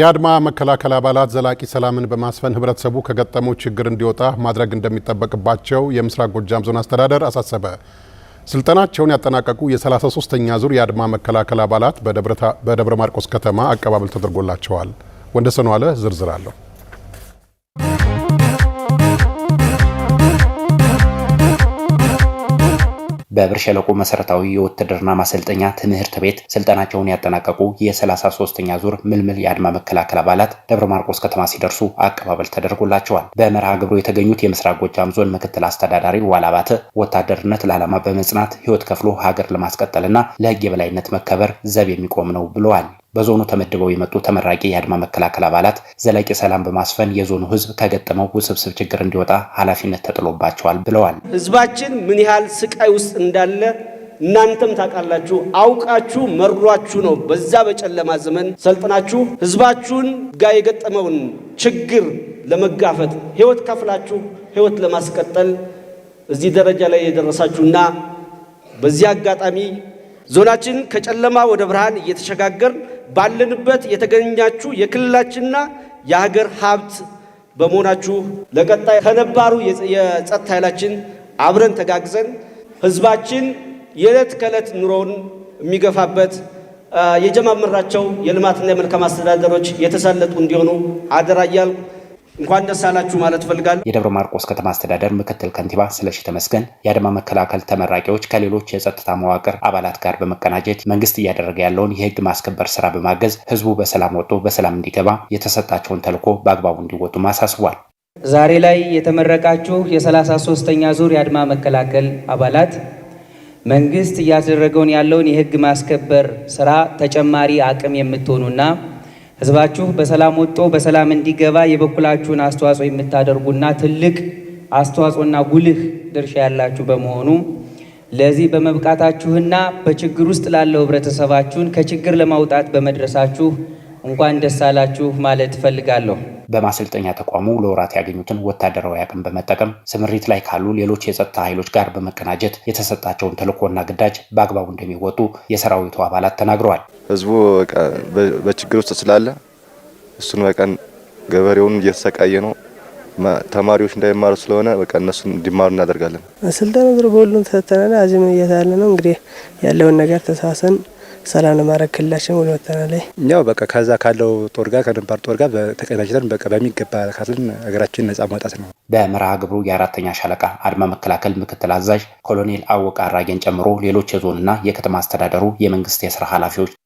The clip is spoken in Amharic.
የአድማ መከላከል አባላት ዘላቂ ሰላምን በማስፈን ህብረተሰቡ ከገጠመው ችግር እንዲወጣ ማድረግ እንደሚጠበቅባቸው የምስራቅ ጎጃም ዞን አስተዳደር አሳሰበ። ስልጠናቸውን ያጠናቀቁ የ33ኛ ዙር የአድማ መከላከል አባላት በደብረ ማርቆስ ከተማ አቀባበል ተደርጎላቸዋል። ወንደሰኗ ዝርዝር አለሁ በብር ሸለቆ መሰረታዊ የውትድርና ማሰልጠኛ ትምህርት ቤት ስልጠናቸውን ያጠናቀቁ የ33ኛ ዙር ምልምል የአድማ መከላከል አባላት ደብረ ማርቆስ ከተማ ሲደርሱ አቀባበል ተደርጎላቸዋል። በመርሃ ግብሩ የተገኙት የምስራቅ ጎጃም ዞን ምክትል አስተዳዳሪ ዋላባተ ወታደርነት ለዓላማ በመጽናት ህይወት ከፍሎ ሀገር ለማስቀጠልና ለህግ የበላይነት መከበር ዘብ የሚቆም ነው ብለዋል። በዞኑ ተመድበው የመጡ ተመራቂ የአድማ መከላከል አባላት ዘላቂ ሰላም በማስፈን የዞኑ ሕዝብ ከገጠመው ውስብስብ ችግር እንዲወጣ ኃላፊነት ተጥሎባቸዋል ብለዋል። ሕዝባችን ምን ያህል ስቃይ ውስጥ እንዳለ እናንተም ታውቃላችሁ። አውቃችሁ መሯችሁ ነው በዛ በጨለማ ዘመን ሰልጥናችሁ ሕዝባችሁን ጋር የገጠመውን ችግር ለመጋፈጥ ሕይወት ከፍላችሁ ሕይወት ለማስቀጠል እዚህ ደረጃ ላይ የደረሳችሁና በዚህ አጋጣሚ ዞናችን ከጨለማ ወደ ብርሃን እየተሸጋገር ባለንበት የተገኛችሁ የክልላችንና የሀገር ሀብት በመሆናችሁ ለቀጣይ ከነባሩ የጸጥታ ኃይላችን አብረን ተጋግዘን ህዝባችን የዕለት ከዕለት ኑሮውን የሚገፋበት የጀማመራቸው የልማትና የመልካም አስተዳደሮች የተሳለጡ እንዲሆኑ አደራ እያልኩ እንኳን ደስ አላችሁ ማለት ፈልጋለሁ። የደብረ ማርቆስ ከተማ አስተዳደር ምክትል ከንቲባ ስለሺ ተመስገን የአድማ መከላከል ተመራቂዎች ከሌሎች የጸጥታ መዋቅር አባላት ጋር በመቀናጀት መንግስት እያደረገ ያለውን የህግ ማስከበር ስራ በማገዝ ህዝቡ በሰላም ወጥቶ በሰላም እንዲገባ የተሰጣቸውን ተልዕኮ በአግባቡ እንዲወጡ አሳስቧል። ዛሬ ላይ የተመረቃችሁ የሰላሳ ሶስተኛ ዙር የአድማ መከላከል አባላት መንግስት እያደረገውን ያለውን የህግ ማስከበር ስራ ተጨማሪ አቅም የምትሆኑና ህዝባችሁ በሰላም ወጥቶ በሰላም እንዲገባ የበኩላችሁን አስተዋጽኦ የምታደርጉና ትልቅ አስተዋጽኦና ጉልህ ድርሻ ያላችሁ በመሆኑ ለዚህ በመብቃታችሁና በችግር ውስጥ ላለው ህብረተሰባችሁን ከችግር ለማውጣት በመድረሳችሁ እንኳን ደስ አላችሁ ማለት እፈልጋለሁ። በማሰልጠኛ ተቋሙ ለወራት ያገኙትን ወታደራዊ አቅም በመጠቀም ስምሪት ላይ ካሉ ሌሎች የጸጥታ ኃይሎች ጋር በመቀናጀት የተሰጣቸውን ተልኮና ግዳጅ በአግባቡ እንደሚወጡ የሰራዊቱ አባላት ተናግረዋል። ህዝቡ በችግር ውስጥ ስላለ እሱን በቀን ገበሬውን እየተሰቃየ ነው። ተማሪዎች እንዳይማሩ ስለሆነ በቃ እነሱን እንዲማሩ እናደርጋለን። ስልጠና ድሮ በሁሉም ተሰተናል። አዚም እየታለ ነው እንግዲህ ያለውን ነገር ተሳሰን ሰላም ለማድረግ ክልላችን ወደ ላይ በቃ ከዛ ካለው ጦር ጋር ከነባር ጦር ጋር በተቀናጅተን በቃ በሚገባ ካትልን ሀገራችን ነጻ መውጣት ነው። በመርሃ ግብሩ የአራተኛ ሻለቃ አድማ መከላከል ምክትል አዛዥ ኮሎኔል አወቀ አራጌን ጨምሮ ሌሎች የዞንና የከተማ አስተዳደሩ የመንግስት የስራ ኃላፊዎች